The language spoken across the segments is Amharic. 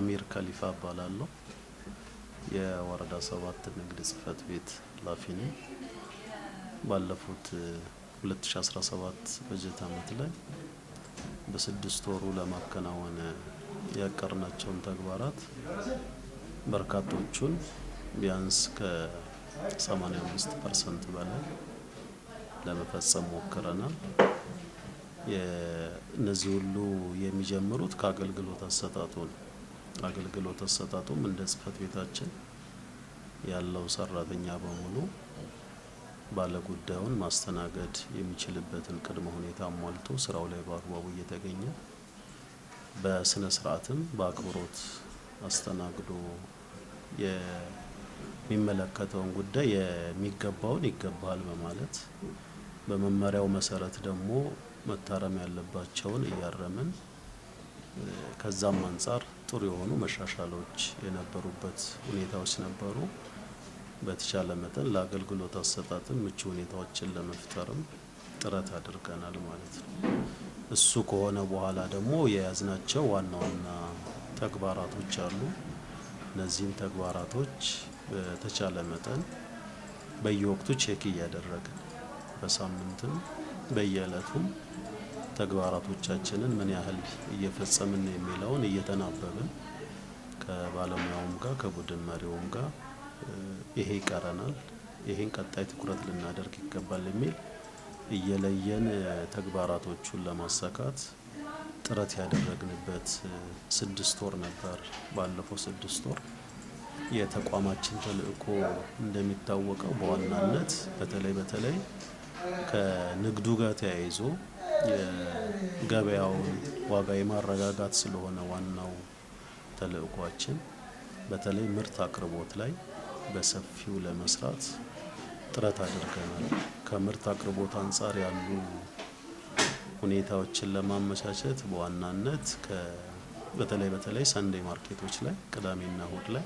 አሚር ከሊፋ እባላለሁ። የወረዳ ሰባት ንግድ ጽህፈት ቤት ኃላፊ ነኝ። ባለፉት 2017 በጀት ዓመት ላይ በስድስት ወሩ ለማከናወን ያቀርናቸውን ተግባራት በርካቶቹን ቢያንስ ከ85 ፐርሰንት በላይ ለመፈጸም ሞክረናል። እነዚህ ሁሉ የሚጀምሩት ከአገልግሎት አሰጣጡ ነው። አገልግሎት አሰጣጡም እንደ ጽህፈት ቤታችን ያለው ሰራተኛ በሙሉ ባለጉዳዩን ማስተናገድ የሚችልበትን ቅድመ ሁኔታ ሟልቶ ስራው ላይ በአግባቡ እየተገኘ በስነ ስርዓትም በአክብሮት አስተናግዶ የሚመለከተውን ጉዳይ የሚገባውን ይገባል በማለት በመመሪያው መሰረት ደግሞ መታረም ያለባቸውን እያረምን ከዛም አንጻር ጥሩ የሆኑ መሻሻሎች የነበሩበት ሁኔታዎች ነበሩ። በተቻለ መጠን ለአገልግሎት አሰጣጥም ምቹ ሁኔታዎችን ለመፍጠርም ጥረት አድርገናል ማለት ነው። እሱ ከሆነ በኋላ ደግሞ የያዝናቸው ዋና ዋና ተግባራቶች አሉ። እነዚህም ተግባራቶች በተቻለ መጠን በየወቅቱ ቼክ እያደረግን በሳምንትም በየዕለቱም ተግባራቶቻችንን ምን ያህል እየፈጸምን የሚለውን እየተናበብን ከባለሙያውም ጋር ከቡድን መሪውም ጋር ይሄ ይቀረናል፣ ይሄን ቀጣይ ትኩረት ልናደርግ ይገባል የሚል እየለየን ተግባራቶቹን ለማሳካት ጥረት ያደረግንበት ስድስት ወር ነበር። ባለፈው ስድስት ወር የተቋማችን ተልእኮ እንደሚታወቀው በዋናነት በተለይ በተለይ ከንግዱ ጋር ተያይዞ የገበያውን ዋጋ የማረጋጋት ስለሆነ ዋናው ተልዕኳችን በተለይ ምርት አቅርቦት ላይ በሰፊው ለመስራት ጥረት አድርገናል። ከምርት አቅርቦት አንጻር ያሉ ሁኔታዎችን ለማመቻቸት በዋናነት በተለይ በተለይ ሰንዴ ማርኬቶች ላይ ቅዳሜና እሁድ ላይ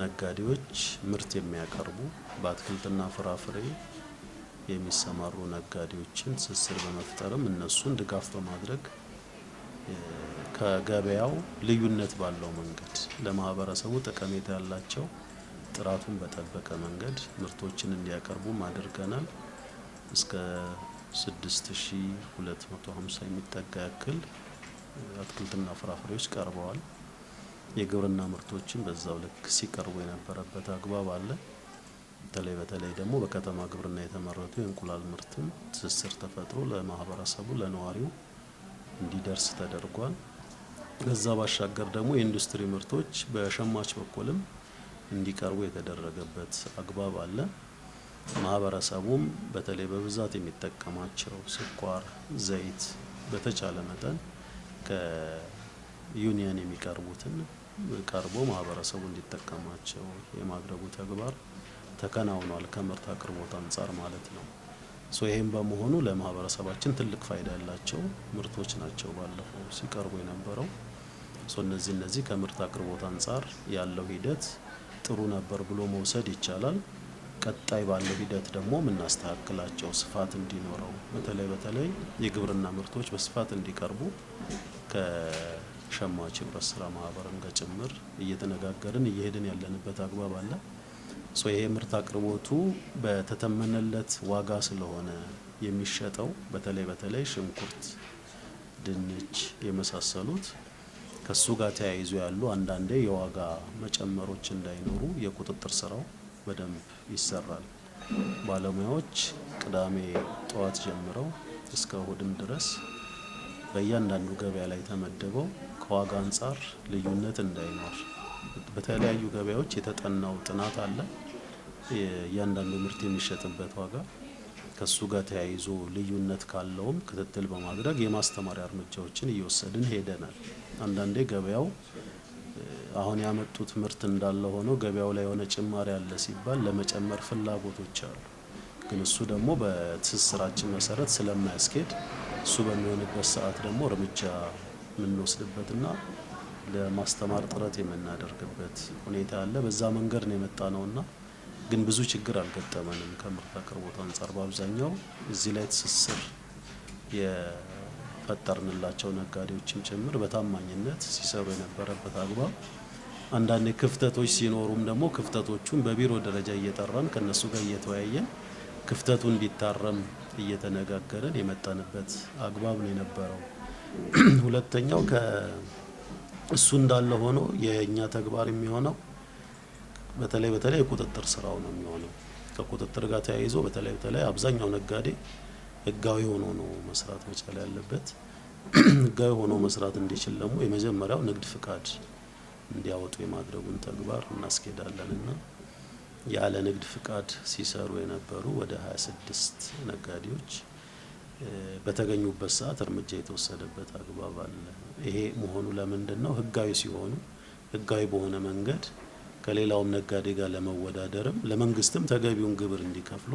ነጋዴዎች ምርት የሚያቀርቡ በአትክልትና ፍራፍሬ የሚሰማሩ ነጋዴዎችን ትስስር በመፍጠርም እነሱን ድጋፍ በማድረግ ከገበያው ልዩነት ባለው መንገድ ለማህበረሰቡ ጠቀሜታ ያላቸው ጥራቱን በጠበቀ መንገድ ምርቶችን እንዲያቀርቡም አድርገናል። እስከ 6250 የሚጠጋ ያክል አትክልትና ፍራፍሬዎች ቀርበዋል። የግብርና ምርቶችን በዛው ልክ ሲቀርቡ የነበረበት አግባብ አለ። በተለይ በተለይ ደግሞ በከተማ ግብርና የተመረቱ የእንቁላል ምርትም ትስስር ተፈጥሮ ለማህበረሰቡ ለነዋሪው እንዲደርስ ተደርጓል። ከዛ ባሻገር ደግሞ የኢንዱስትሪ ምርቶች በሸማች በኩልም እንዲቀርቡ የተደረገበት አግባብ አለ። ማህበረሰቡም በተለይ በብዛት የሚጠቀማቸው ስኳር፣ ዘይት በተቻለ መጠን ከዩኒየን የሚቀርቡትን ቀርቦ ማህበረሰቡ እንዲጠቀማቸው የማድረጉ ተግባር ተከናውኗል፣ ከምርት አቅርቦት አንጻር ማለት ነው። ሶ ይህም በመሆኑ ለማህበረሰባችን ትልቅ ፋይዳ ያላቸው ምርቶች ናቸው ባለፈው ሲቀርቡ የነበረው። ሶ እነዚህ እነዚህ ከምርት አቅርቦት አንጻር ያለው ሂደት ጥሩ ነበር ብሎ መውሰድ ይቻላል። ቀጣይ ባለው ሂደት ደግሞ የምናስተካክላቸው ስፋት እንዲኖረው በተለይ በተለይ የግብርና ምርቶች በስፋት እንዲቀርቡ ከሸማች ህብረት ስራ ማህበርም ጋር ጭምር እየተነጋገርን እየሄድን ያለንበት አግባብ አለ። ይሄ ምርት አቅርቦቱ በተተመነለት ዋጋ ስለሆነ የሚሸጠው በተለይ በተለይ ሽንኩርት፣ ድንች የመሳሰሉት ከሱ ጋር ተያይዞ ያሉ አንዳንዴ የዋጋ መጨመሮች እንዳይኖሩ የቁጥጥር ስራው በደንብ ይሰራል። ባለሙያዎች ቅዳሜ ጠዋት ጀምረው እስከ እሁድም ድረስ በእያንዳንዱ ገበያ ላይ ተመድበው ከዋጋ አንጻር ልዩነት እንዳይኖር በተለያዩ ገበያዎች የተጠናው ጥናት አለ። እያንዳንዱ ምርት የሚሸጥበት ዋጋ ከሱ ጋር ተያይዞ ልዩነት ካለውም ክትትል በማድረግ የማስተማሪያ እርምጃዎችን እየወሰድን ሄደናል። አንዳንዴ ገበያው አሁን ያመጡት ምርት እንዳለ ሆኖ ገበያው ላይ የሆነ ጭማሪ አለ ሲባል ለመጨመር ፍላጎቶች አሉ። ግን እሱ ደግሞ በትስስራችን መሰረት ስለማያስኬድ እሱ በሚሆንበት ሰዓት ደግሞ እርምጃ የምንወስድበትና ለማስተማር ጥረት የምናደርግበት ሁኔታ አለ። በዛ መንገድ ነው የመጣ ነውና ግን ብዙ ችግር አልገጠመንም። ከምርት አቅርቦት አንጻር በአብዛኛው እዚህ ላይ ትስስር የፈጠርንላቸው ነጋዴዎችም ጭምር በታማኝነት ሲሰሩ የነበረበት አግባብ አንዳንድ ክፍተቶች ሲኖሩም ደግሞ ክፍተቶቹን በቢሮ ደረጃ እየጠራን ከነሱ ጋር እየተወያየን ክፍተቱ እንዲታረም እየተነጋገረን የመጣንበት አግባብ ነው የነበረው። ሁለተኛው ከእሱ እንዳለ ሆኖ የእኛ ተግባር የሚሆነው በተለይ በተለይ የቁጥጥር ስራው ነው የሚሆነው። ከቁጥጥር ጋር ተያይዞ በተለይ በተለይ አብዛኛው ነጋዴ ህጋዊ ሆኖ ነው መስራት መቻል ያለበት። ህጋዊ ሆኖ መስራት እንዲችል ደግሞ የመጀመሪያው ንግድ ፍቃድ እንዲያወጡ የማድረጉን ተግባር እናስኬዳለን እና ያለ ንግድ ፍቃድ ሲሰሩ የነበሩ ወደ 26 ነጋዴዎች በተገኙበት ሰዓት እርምጃ የተወሰደበት አግባብ አለ። ይሄ መሆኑ ለምንድን ነው? ህጋዊ ሲሆኑ ህጋዊ በሆነ መንገድ ከሌላውም ነጋዴ ጋር ለመወዳደርም ለመንግስትም ተገቢውን ግብር እንዲከፍሉ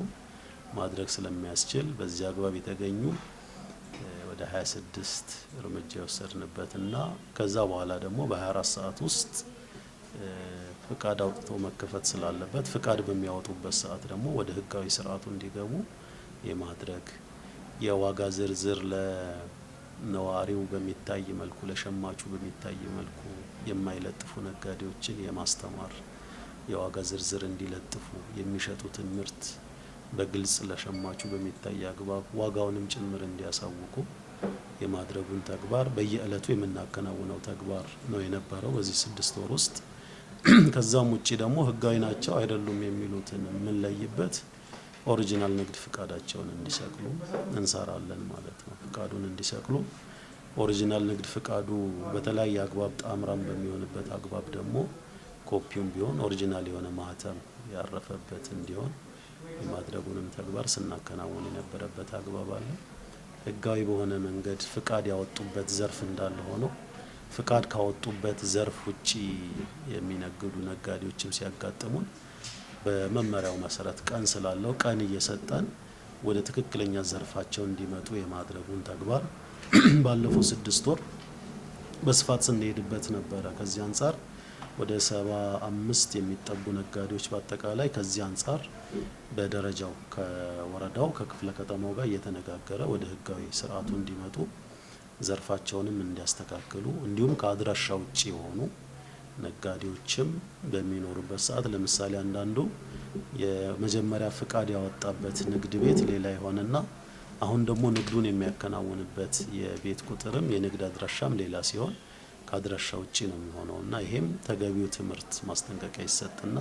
ማድረግ ስለሚያስችል በዚህ አግባብ የተገኙ ወደ 26 እርምጃ የወሰድንበትና ከዛ በኋላ ደግሞ በ24 ሰዓት ውስጥ ፍቃድ አውጥቶ መከፈት ስላለበት ፍቃድ በሚያወጡበት ሰዓት ደግሞ ወደ ህጋዊ ስርዓቱ እንዲገቡ የማድረግ የዋጋ ዝርዝር ለ ነዋሪው በሚታይ መልኩ ለሸማቹ በሚታይ መልኩ የማይለጥፉ ነጋዴዎችን የማስተማር የዋጋ ዝርዝር እንዲለጥፉ የሚሸጡትን ምርት በግልጽ ለሸማቹ በሚታይ አግባብ ዋጋውንም ጭምር እንዲያሳውቁ የማድረጉን ተግባር በየዕለቱ የምናከናውነው ተግባር ነው የነበረው በዚህ ስድስት ወር ውስጥ። ከዛም ውጭ ደግሞ ህጋዊ ናቸው አይደሉም የሚሉትን የምንለይበት ኦሪጂናል ንግድ ፍቃዳቸውን እንዲሰቅሉ እንሰራለን ማለት ነው። ፍቃዱን እንዲሰቅሉ ኦሪጂናል ንግድ ፍቃዱ በተለያየ አግባብ ጣምራም በሚሆንበት አግባብ ደግሞ ኮፒውም ቢሆን ኦሪጂናል የሆነ ማህተም ያረፈበት እንዲሆን የማድረጉንም ተግባር ስናከናወን የነበረበት አግባብ አለ። ህጋዊ በሆነ መንገድ ፍቃድ ያወጡበት ዘርፍ እንዳለ ሆኖ ፍቃድ ካወጡበት ዘርፍ ውጪ የሚነግዱ ነጋዴዎችም ሲያጋጥሙን በመመሪያው መሰረት ቀን ስላለው ቀን እየሰጠን ወደ ትክክለኛ ዘርፋቸው እንዲመጡ የማድረጉን ተግባር ባለፈው ስድስት ወር በስፋት ስንሄድበት ነበረ። ከዚህ አንጻር ወደ ሰባ አምስት የሚጠጉ ነጋዴዎች በአጠቃላይ ከዚህ አንጻር በደረጃው ከወረዳው ከክፍለ ከተማው ጋር እየተነጋገረ ወደ ህጋዊ ስርዓቱ እንዲመጡ ዘርፋቸውንም እንዲያስተካክሉ እንዲሁም ከአድራሻ ውጭ የሆኑ ነጋዴዎችም በሚኖሩበት ሰዓት ለምሳሌ አንዳንዱ የመጀመሪያ ፍቃድ ያወጣበት ንግድ ቤት ሌላ የሆነና አሁን ደግሞ ንግዱን የሚያከናውንበት የቤት ቁጥርም የንግድ አድራሻም ሌላ ሲሆን ከአድራሻ ውጭ ነው የሚሆነው እና ይሄም ተገቢው ትምህርት ማስጠንቀቂያ ይሰጥና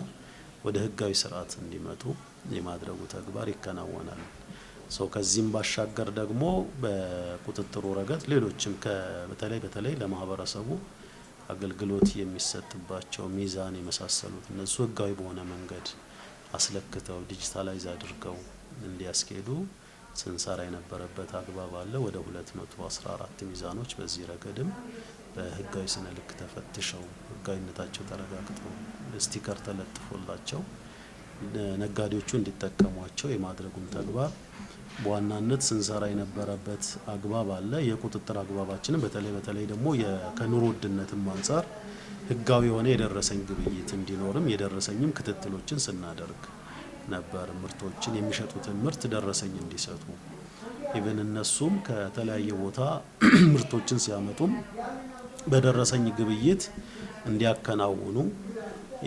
ወደ ህጋዊ ስርዓት እንዲመጡ የማድረጉ ተግባር ይከናወናል። ሰው ከዚህም ባሻገር ደግሞ በቁጥጥሩ ረገድ ሌሎችም በተለይ በተለይ ለማህበረሰቡ አገልግሎት የሚሰጥባቸው ሚዛን የመሳሰሉት እነሱ ህጋዊ በሆነ መንገድ አስለክተው ዲጂታላይዝ አድርገው እንዲያስኬዱ ስንሰራ የነበረበት አግባብ አለ። ወደ 214 ሚዛኖች በዚህ ረገድም በህጋዊ ስነ ልክ ተፈትሸው ህጋዊነታቸው ተረጋግጠው ስቲከር ተለጥፎላቸው ነጋዴዎቹ እንዲጠቀሟቸው የማድረጉን ተግባር በዋናነት ስንሰራ የነበረበት አግባብ አለ። የቁጥጥር አግባባችንም በተለይ በተለይ ደግሞ ከኑሮ ውድነትም አንጻር ህጋዊ የሆነ የደረሰኝ ግብይት እንዲኖርም የደረሰኝም ክትትሎችን ስናደርግ ነበር። ምርቶችን የሚሸጡትን ምርት ደረሰኝ እንዲሰጡ ኢቨን እነሱም ከተለያየ ቦታ ምርቶችን ሲያመጡም በደረሰኝ ግብይት እንዲያከናውኑ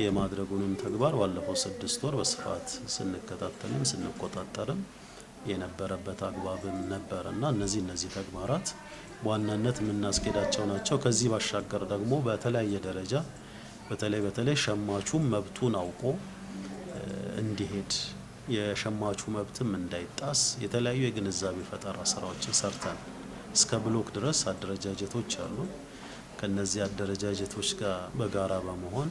የማድረጉንም ተግባር ባለፈው ስድስት ወር በስፋት ስንከታተልም ስንቆጣጠርም የነበረበት አግባብም ነበረ እና እነዚህ እነዚህ ተግባራት በዋናነት የምናስኬዳቸው ናቸው። ከዚህ ባሻገር ደግሞ በተለያየ ደረጃ በተለይ በተለይ ሸማቹም መብቱን አውቆ እንዲሄድ የሸማቹ መብትም እንዳይጣስ የተለያዩ የግንዛቤ ፈጠራ ስራዎችን ሰርተን እስከ ብሎክ ድረስ አደረጃጀቶች አሉ። ከነዚህ አደረጃጀቶች ጋር በጋራ በመሆን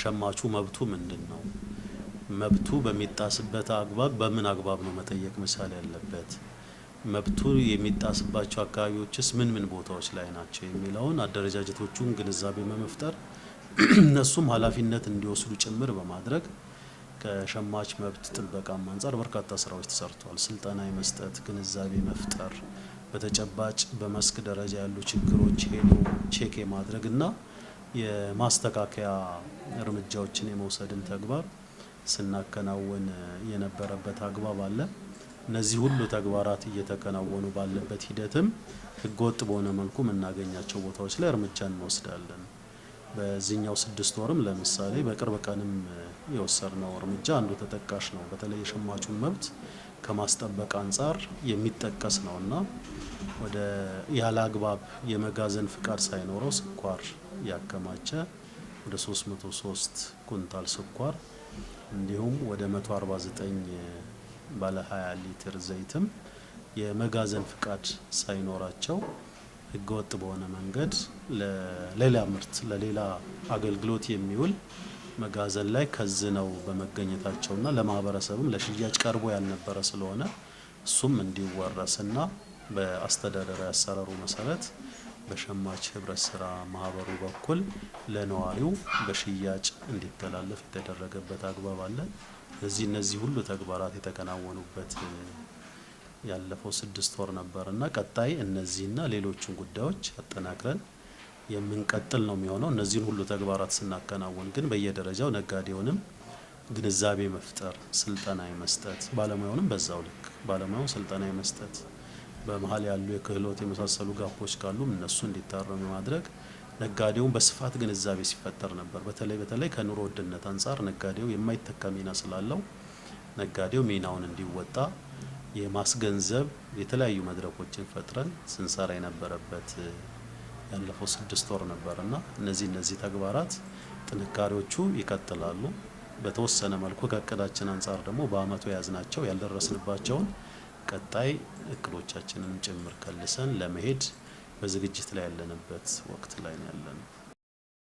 ሸማቹ መብቱ ምንድን ነው? መብቱ በሚጣስበት አግባብ በምን አግባብ ነው መጠየቅ መቻል ያለበት? መብቱ የሚጣስባቸው አካባቢዎችስ ምን ምን ቦታዎች ላይ ናቸው የሚለውን አደረጃጀቶቹን ግንዛቤ በመፍጠር እነሱም ኃላፊነት እንዲወስዱ ጭምር በማድረግ ከሸማች መብት ጥበቃም አንጻር በርካታ ስራዎች ተሰርተዋል። ስልጠና የመስጠት ግንዛቤ መፍጠር፣ በተጨባጭ በመስክ ደረጃ ያሉ ችግሮች ሄዶ ቼክ የማድረግ እና የማስተካከያ እርምጃዎችን የመውሰድን ተግባር ስናከናውን የነበረበት አግባብ አለ። እነዚህ ሁሉ ተግባራት እየተከናወኑ ባለበት ሂደትም ህገወጥ በሆነ መልኩ የምናገኛቸው ቦታዎች ላይ እርምጃ እንወስዳለን። በዚህኛው ስድስት ወርም ለምሳሌ በቅርብ ቀንም የወሰድነው እርምጃ አንዱ ተጠቃሽ ነው። በተለይ የሸማቹን መብት ከማስጠበቅ አንጻር የሚጠቀስ ነውና ወደ ያለ አግባብ የመጋዘን ፍቃድ ሳይኖረው ስኳር ያከማቸ ወደ 303 ኩንታል ስኳር እንዲሁም ወደ 149 ባለ 20 ሊትር ዘይትም የመጋዘን ፍቃድ ሳይኖራቸው ህገወጥ በሆነ መንገድ ለሌላ ምርት ለሌላ አገልግሎት የሚውል መጋዘን ላይ ከዝነው በመገኘታቸውና ለማህበረሰብም ለሽያጭ ቀርቦ ያልነበረ ስለሆነ እሱም እንዲወረስና በአስተዳደራዊ አሰራሩ መሰረት በሸማች ህብረት ስራ ማህበሩ በኩል ለነዋሪው በሽያጭ እንዲተላለፍ የተደረገበት አግባብ አለ። እዚህ እነዚህ ሁሉ ተግባራት የተከናወኑበት ያለፈው ስድስት ወር ነበር እና ቀጣይ እነዚህና ሌሎችን ጉዳዮች አጠናክረን የምንቀጥል ነው የሚሆነው። እነዚህን ሁሉ ተግባራት ስናከናወን ግን በየደረጃው ነጋዴውንም ግንዛቤ መፍጠር፣ ስልጠና የመስጠት ባለሙያውንም በዛው ልክ ባለሙያው ስልጠና የመስጠት በመሀል ያሉ የክህሎት የመሳሰሉ ጋፖች ካሉም እነሱ እንዲታረሙ ማድረግ ነጋዴውን በስፋት ግንዛቤ ሲፈጠር ነበር። በተለይ በተለይ ከኑሮ ውድነት አንጻር ነጋዴው የማይተካ ሚና ስላለው ነጋዴው ሚናውን እንዲወጣ የማስገንዘብ የተለያዩ መድረኮችን ፈጥረን ስንሰራ የነበረበት ያለፈው ስድስት ወር ነበር እና እነዚህ እነዚህ ተግባራት ጥንካሬዎቹ ይቀጥላሉ። በተወሰነ መልኩ ከእቅዳችን አንጻር ደግሞ በአመቱ የያዝናቸው ያልደረስንባቸውን ቀጣይ እቅዶቻችንን ጭምር ከልሰን ለመሄድ በዝግጅት ላይ ያለንበት ወቅት ላይ ያለነው